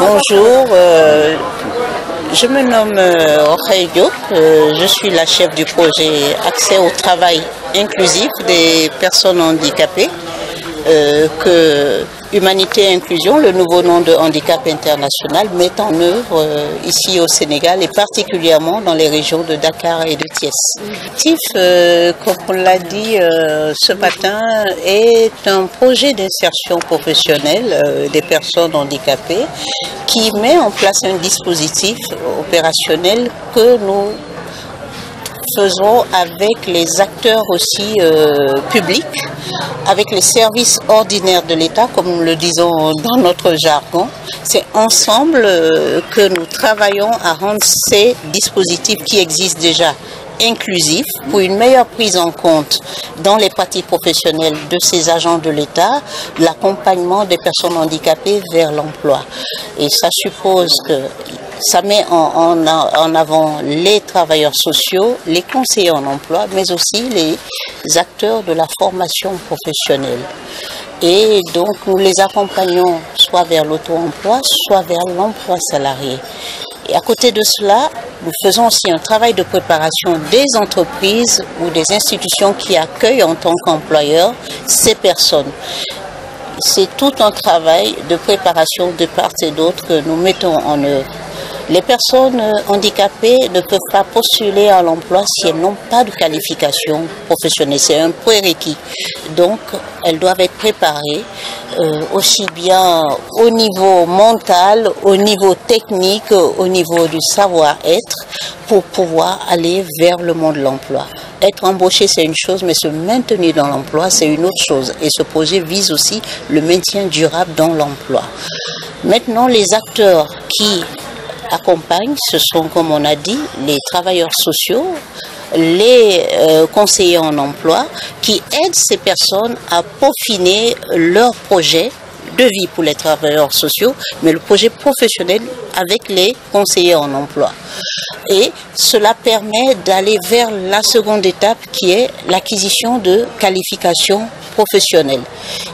Bonjour, euh, je me nomme Jorge euh, Diop, euh, je suis la chef du projet Accès au travail inclusif des personnes handicapées que Humanité et Inclusion, le nouveau nom de Handicap International, met en œuvre euh, ici au Sénégal et particulièrement dans les régions de Dakar et de Thiès. TIF, euh, comme on l'a dit euh, ce matin, est un projet d'insertion professionnelle des personnes handicapées qui met en place un dispositif opérationnel que nous faisons avec les acteurs aussi euh, publics, avec les services ordinaires de l'État, comme nous le disons dans notre jargon. C'est ensemble euh, que nous travaillons à rendre ces dispositifs qui existent déjà inclusif pour une meilleure prise en compte dans les pratiques professionnelles de ces agents de l'État, l'accompagnement des personnes handicapées vers l'emploi. Et ça suppose que ça met en, en, avant les travailleurs sociaux, les conseillers en emploi, mais aussi les acteurs de la formation professionnelle. Et donc nous les accompagnons soit vers l'auto-emploi, soit vers l'emploi salarié. Et à côté de cela, nous faisons aussi un travail de préparation des entreprises ou des institutions qui accueillent en tant qu'employeurs ces personnes. C'est tout un travail de préparation de part et d'autre que nous mettons en œuvre. Les personnes handicapées ne peuvent pas postuler à l'emploi si elles n'ont pas de qualification professionnelle. C'est un prérequis. Donc, elles doivent être préparées euh, aussi bien au niveau mental, au niveau technique, au niveau du savoir-être pour pouvoir aller vers le monde de l'emploi. Être embauché, c'est une chose, mais se maintenir dans l'emploi, c'est une autre chose. Et ce projet vise aussi le maintien durable dans l'emploi. Maintenant, les acteurs qui accompagne, ce sont, comme on a dit, les travailleurs sociaux, les euh, conseillers en emploi, qui aident ces personnes à peaufiner leur projet de vie pour les travailleurs sociaux, mais le projet professionnel avec les conseillers en emploi. Et cela permet d'aller vers la seconde étape qui est l'acquisition de qualifications professionnelles.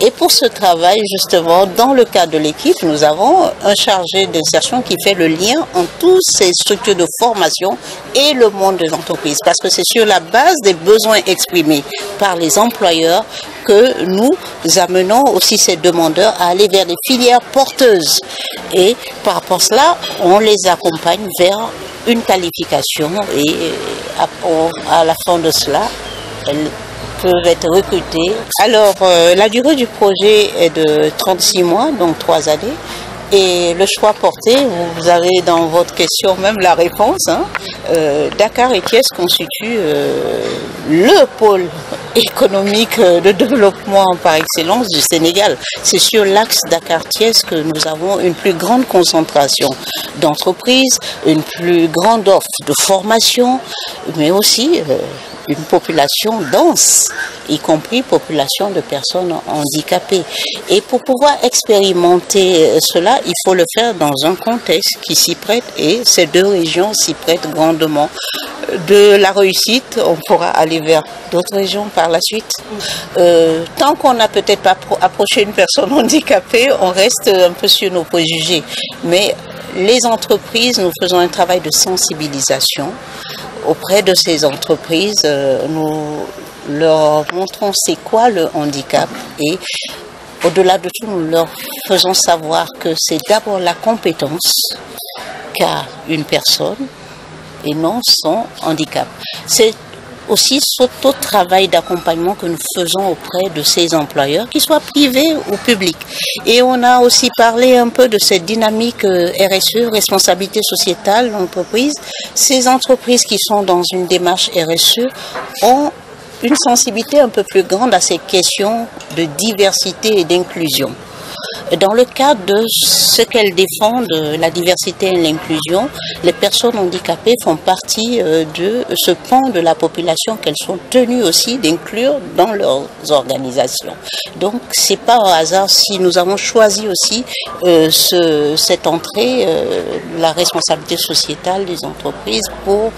Et pour ce travail, justement, dans le cas de l'équipe, nous avons un chargé d'insertion qui fait le lien entre toutes ces structures de formation et le monde de l'entreprise. Parce que c'est sur la base des besoins exprimés par les employeurs que nous amenons aussi ces demandeurs à aller vers des filières porteuses. Et par rapport à cela, on les accompagne vers une qualification et euh, à, la fin de cela, elles peuvent être recrutées. Alors, euh, la durée du projet est de 36 mois, donc 3 années. Et le choix porté, vous avez dans votre question même la réponse. Hein. Euh, Dakar et Thiès constituent le pôle économique euh, de développement par excellence du Sénégal. C'est sur l'axe Dakar-Thiès que nous avons une plus grande concentration d'entreprises, une plus grande offre de formation, mais aussi euh, une population dense, y compris population de personnes handicapées. Et pour pouvoir expérimenter euh, cela, il faut le faire dans un contexte qui s'y prête et ces deux régions s'y prêtent grandement de la réussite, on pourra aller vers d'autres régions par la suite. Euh, tant qu'on n'a peut-être pas approché une personne handicapée, on reste un peu sur nos préjugés. Mais les entreprises, nous faisons un travail de sensibilisation auprès de ces entreprises. Euh, nous leur montrons c'est quoi le handicap et au-delà de tout, nous leur faisons savoir que c'est d'abord la compétence qu'a une personne et non sans handicap. C'est aussi ce tout travail d'accompagnement que nous faisons auprès de ces employeurs, qu'ils soient privés ou publics. Et on a aussi parlé un peu de cette dynamique euh, RSE, responsabilité sociétale entreprise. Ces entreprises qui sont dans une démarche RSE ont une sensibilité un peu plus grande à ces questions de diversité et d'inclusion. Dans le cadre de ce qu'elles défendent, euh, la diversité et l'inclusion, les personnes handicapées font partie euh, de ce pan de la population qu'elles sont tenues aussi d'inclure dans leurs organisations. Donc c'est pas au hasard si nous avons choisi aussi euh, ce, cette entrée, la responsabilité sociétale des entreprises pour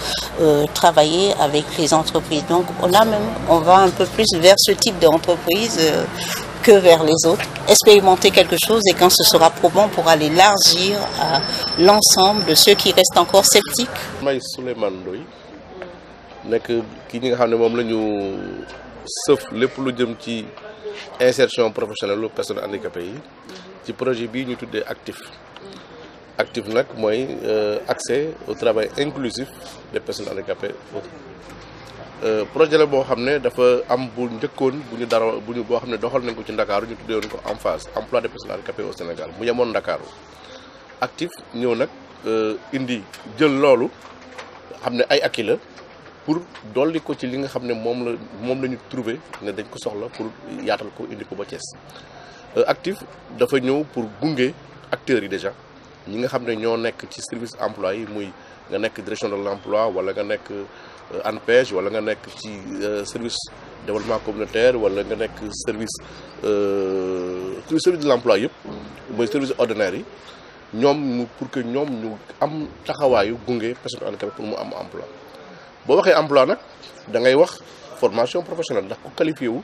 travailler avec les entreprises. Donc on a même, on va un peu plus vers ce type d'entreprise que vers les autres, expérimenter quelque chose et quand ce sera probant pour aller élargir à l'ensemble de ceux qui restent encore sceptiques. may Souleymane Ndoye nekk ki nga qui l'insertion insertion professionnelle aux personnes handicapées. ci projet est actif actif nag euh, accès au travail inclusif des personnes handicapées Euh, projet la boo xam ne dafa am bu njëkkoon bu ñu dara bu ñu boo xam ne doxal nañ ko ci Ndakaaru ñu tuddee woon ko Emphase emploi des personnes handicapées au Sénégal mu yemoon Ndakaaru actif ñëw nag euh, indi jël loolu xam ne ay acquis la pour dolli ko ci li nga xam ne moom la moom la ñu trouvé ne dañ ko soxla pour yaatal ko indi ko ba Thiès euh, actif dafa ñëw pour gunge acteurs yi déjà ñi nga xam ne ñoo nekk ci service emploi yi muy nga nekk direction de l'emploi wala nga nekk Eh, ANPEJ wala nga nek ci eh, service développement communautaire wala nga nek service euh tout service de l'emploi yep moy mm. service ordinaire ñom pour que ñom ñu am taxawaayu gunge personne handicapée pour mu am emploi bo waxé emploi nak da ngay wax formation professionnelle ndax ku qualifié wu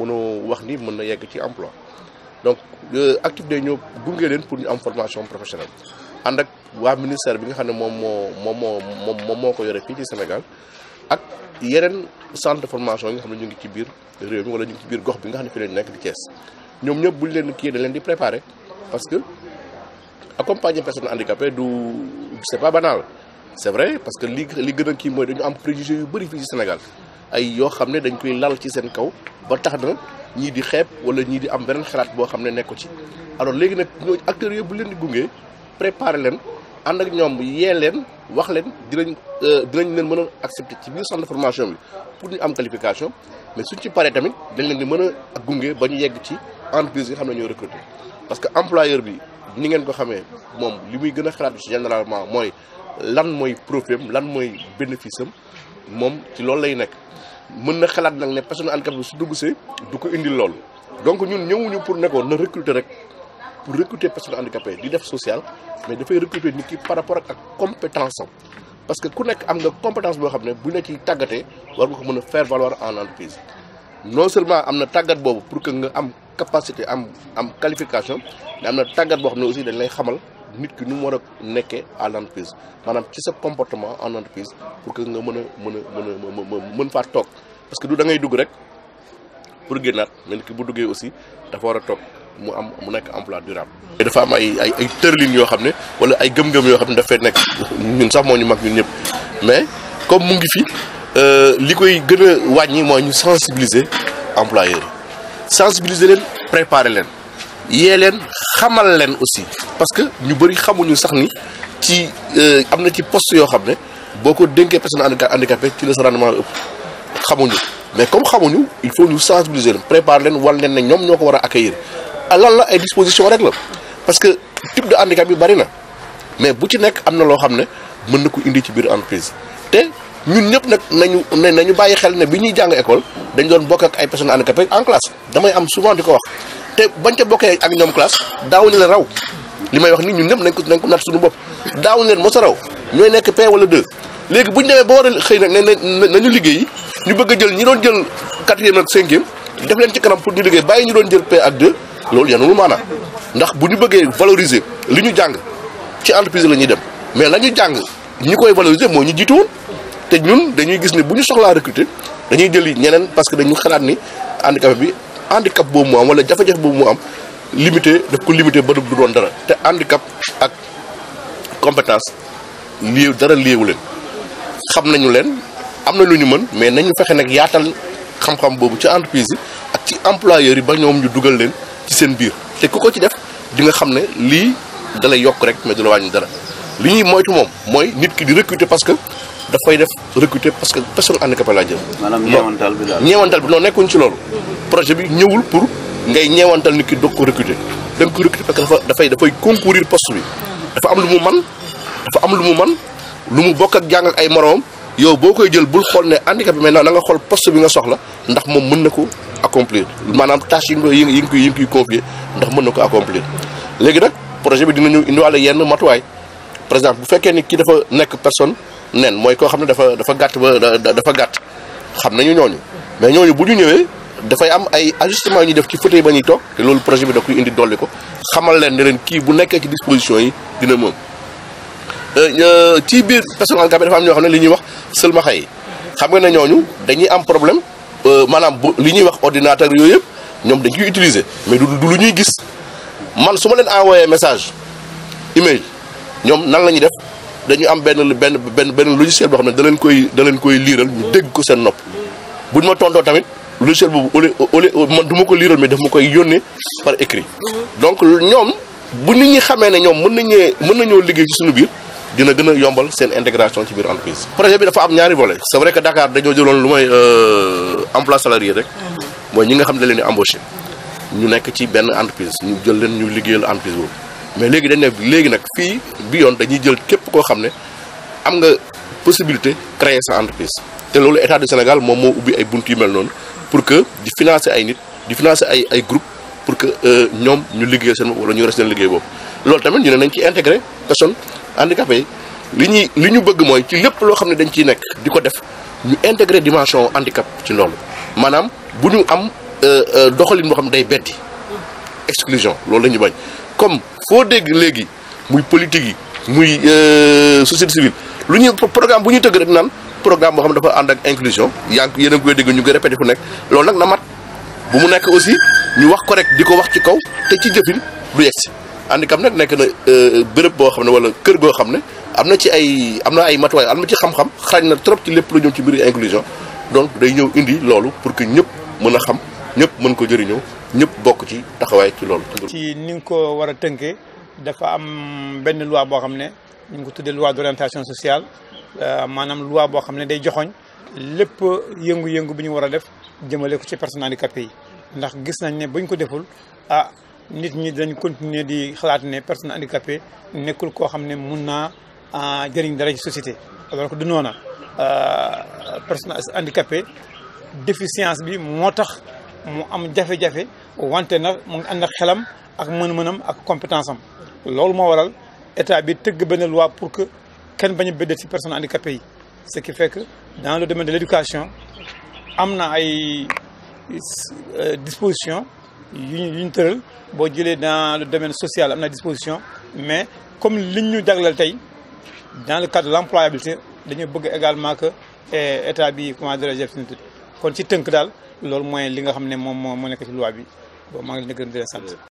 mëno wax ni mëna yegg ci emploi donc euh, actif day ñoo gungé len pour ñu am formation professionnelle ànd ak waa ministère bi nga xam ne moom moo moom moo moom moo ko yore fii ci Sénégal ak yeneen centre de formation yi nga xam ne ñu ngi ci biir réew mi wala ñu ngi ci biir gox bi nga xam ne fi lañu nekk di Thiès ñoom ñëpp buñ leen kii da leen di préparer parce que accompagner personne handicapée du c'est pas banal c'est vrai parce que li li gën a kii mooy dañu am préjugé yu bëri fii ci Sénégal ay yoo xam ne dañ koy lal ci seen kaw ba tax na ñii di xeeb wala ñii di am beneen xalaat boo xam ne nekk ko ci alors léegi nag ñoo acteurs yëpp bu leen di gunge préparé leen ànd ak ñoom yee leen wax leen dinañ euh, dinañ leen mën a accepté ci biir centre de formation bi pour ñu am qualification mais suñ ci paree tamit dañ leen di mën a ak gunge ba ñu yegg ci entreprise yi nga xam ne ñoo recruter parce que employeur bi ni ngeen ko xamee moom li muy gën a xalaat ci généralement mooy lan mooy profit lan mooy bénéfice am moom ci loolu lay nekk mën na xalaat nag ne personne handicapé bi su dugg see du ko indil loolu donc ñun ñëwuñu pour ne na recruter rek pour recruter personnes handicapées di def social mais dafay recruter nit ki par rapport ak compétence parce que ku nek am nga compétence bo xamné ne bu la ci tagaté war nga ko mën faire valoir en entreprise non seulement amna tagat bobu pour que nga am capacité am am qualification mais amna tagat bo xamné aussi dañ lay xamal nit ki nu mu war a nekkee à l' entreprise maanaam ci sa comportement en entreprise pour que nga mën a mën a mën a mën faa toog parce que du da ngay dugg rek pour génnaat mais nit ki bu duggee aussi dafa war a toog mu am mu nekk emploi durable. dafa am ay ay ay tërlin yoo xam ne wala ay gëm-gëm yoo xam ne dafay nekk ñun sax moo ñu mag ñun ñëpp mais comme mu ngi fi euh, li koy gën a wàññi mooy ñu sensibiliser employeurs yi sensibiliser leen préparer leen yee leen xamal leen aussi parce que ñu bëri xamuñu sax ni ci euh, am na ci poste yoo xam ne boo ko dénkee personne handicapée ci le sa rendement ëpp xamuñu mais comme xamuñu il faut ñu sensibiliser leen préparer leen wal leen ne ñoom ñoo ko war a accueillir Allah la ay disposition rek la parce que type de handicap bi bari na mais bu ci nek amna lo xamne xam ne mën na ko indi ci biir entreprise té ñun ñëpp nak nañu nañu bayyi xel ne biñuy jang école dañ doon bokk ak ay personnes handicapées en classe damay am souvent diko wax té bañ ca bokké ak ñom classe daaw ni la raw limay wax ni ñun ñëpp nañ ko nañ ko nat suñu bop daaw ni mo sa raw ñoy nek P wala 2 légui buñ démé bo wara xey nak nañu liggéey ñu bëgg jël ñi doon jël 4e ak 5e def leen ci kanam pour ñu liggéey bayyi ñu doon jël P ak 2 loolu yanul maanaam ndax bu ñu bëggee valoriser li ñu jàng ci entreprise la ñuy dem mais la jàng ñi koy valoriser moo ñu jiitu woon te ñun dañuy gis ne bu ñu soxlaa recruter dañuy jëli ñeneen parce que dañu xalaat ni handicap bi handicap boobu mu am wala jafe-jafe boobu moo am limité def ko limité ba du doon dara te handicap ak compétence lii dara léewu leen xam nañu leen am na lu ñu mën mais nañu fexe nag yaatal xam boobu ci entreprise yi ak ci employeurs yi ba ñoom ñu dugal leen ci seen biir te ku ko ci def di nga xam ne lii dalay yokk rek mais du la wàññi dara li ñuy moytu moom mooy nit ki di recruter parce que dafay def recruter parce que personne handicapée laa jël. maanaam ñeewantal bi daal ñeewantal bi non nekkuñ ci loolu. projet bi ñëwul pour ngay ñeewantal nit ki doog ko recruter da nga ko recruter parce que dafay dafay concourir poste bi. dafa am lu mu man dafa am lu mu man lu mu bokk ak jàng ak ay moroomam. yow boo koy jël bul xool ne handicapé mais na nga xool poste bi nga soxla ndax moom mën na ko accomplir maanaam tâche yi nga yi nga yi nga koy confier ndax mën na ko accomplir léegi nag projet bi dina ñu indiwaale yenn matuwaay par exemple bu fekkee ni ki dafa nekk personne nen mooy koo xam ne dafa dafa gàtt ba dafa gàtt xam nañu ñooñu mais ñooñu bu ñu ñëwee dafay am ay ajustement yu def ci fauteuil ba ñuy toog loolu projet bi da koy indi dolli ko xamal leen ne kii bu nekkee ci disposition yi dina moom euh, euh, ci biir personne handicapé dafa am ñoo xam ne li ñuy wax sëlmaxa yi xam nga ne ñooñu dañuy am problème euh, maanaam bu li ñuy wax ordinateur yooyu yëpp ñoom dañuy koy mais du ñuy gis man su ma leen envoyé message email ñoom nan la ñuy def dañu am benn benn benn benn logiciel boo xam ne da leen koy da koy liiral ñu dégg ko seen nopp bu ñu ma tontoo tamit logiciel boobu au lieu man duma ko liiral mais daf ma koy yónnee par écrit mm-hmm. donc ñoom bu nit ñi xamee ne ñoom mën nañu mën nañoo liggéey ci suñu biir. dina gën a yombal seen intégration ci biir entreprise projet bi dafa am ñaari volet c'est vrai que Dakar dañoo jëloon lu mooy euh, emploi salarié rek mm-hmm. mooy ñi nga xam ne leen di embauché ñu nekk ci benn entreprise ñu jël leen ñu liggéeyal entreprise boobu mais léegi dañ ne léegi nag fii bi yoon dañuy jël képp koo xam ne am nga possibilité créer sa entreprise te loolu état du Sénégal moom moo ubbi ay bunt yu mel noonu pour que di financer ay nit di financer ay ay groupe pour que euh, ñoom ñu liggéeyal seen wala ñu seen liggéey boobu loolu tamit ñu ne nañ ci intégré personne handicapé liñu liñu bëgg moy ci lepp lo xamné dañ ci nek diko def ñu intégrer dimension handicap ci lool manam buñu am euh euh doxalin boo xam day beddi exclusion lool lañu bañ comme fo dégg légui muy politique yi muy euh, société civile luñu programme buñu ñuy tëgg rek nan programme boo xam dafa and ak inclusion yaa ngi yéen a dégg ñu ngi répéter fu nek lool nak na mat bu mu nek aussi ñu wax ko rek diko wax ci kaw te ci jëfin du yegsi handicap nag nekk na euh, bërëb boo xam ne wala kër goo xam ne am na ci ay am na ay matuwaay am na ci xam-xam xarañ na trop ci lépp lu jëm ci mbiri inclusion donc day ñëw indi loolu pour que ñëpp mën a xam ñëpp mën ko jëriñoo ñëpp bokk ci taxawaay ci loolu. ci ni nga ko war a tënkee dafa am benn loi boo xam ne ñu ngi ko tuddee loi d'orientation sociale euh, maanaam loi boo xam ne day joxoñ lépp yëngu-yëngu bu ñu war a def jëmale ko ci personnes handicapées yi ndax gis nañ ne buñ ko deful ah, nit ñi dañ continuer di xalaat ne personne handicapée nekkul koo xam ne à naa ah, jëriñ dara ci société alors que du noona euh, personne handicapée déficience bi moo tax mu am jafe-jafe wante na mu ngi ànd ak xelam ak mën-mënam ak compétence am loolu moo waral état bi loi pour que kenn bañ a ci personnes handicapées yi ce qui fait que dans le domaine de l'éducation am ay euh, disposition yu ñu tëral boo jëlee dans le domaine social am na disposition mais comme liñ ñu jagleel dans le cadre de l'employabilité dañu bëgg également que eh, état bi comment dirais-je kon ci tënk daal loolu mooy li nga xam ne moom moo nekk ci loi bi bon maa ngi leen di gërëm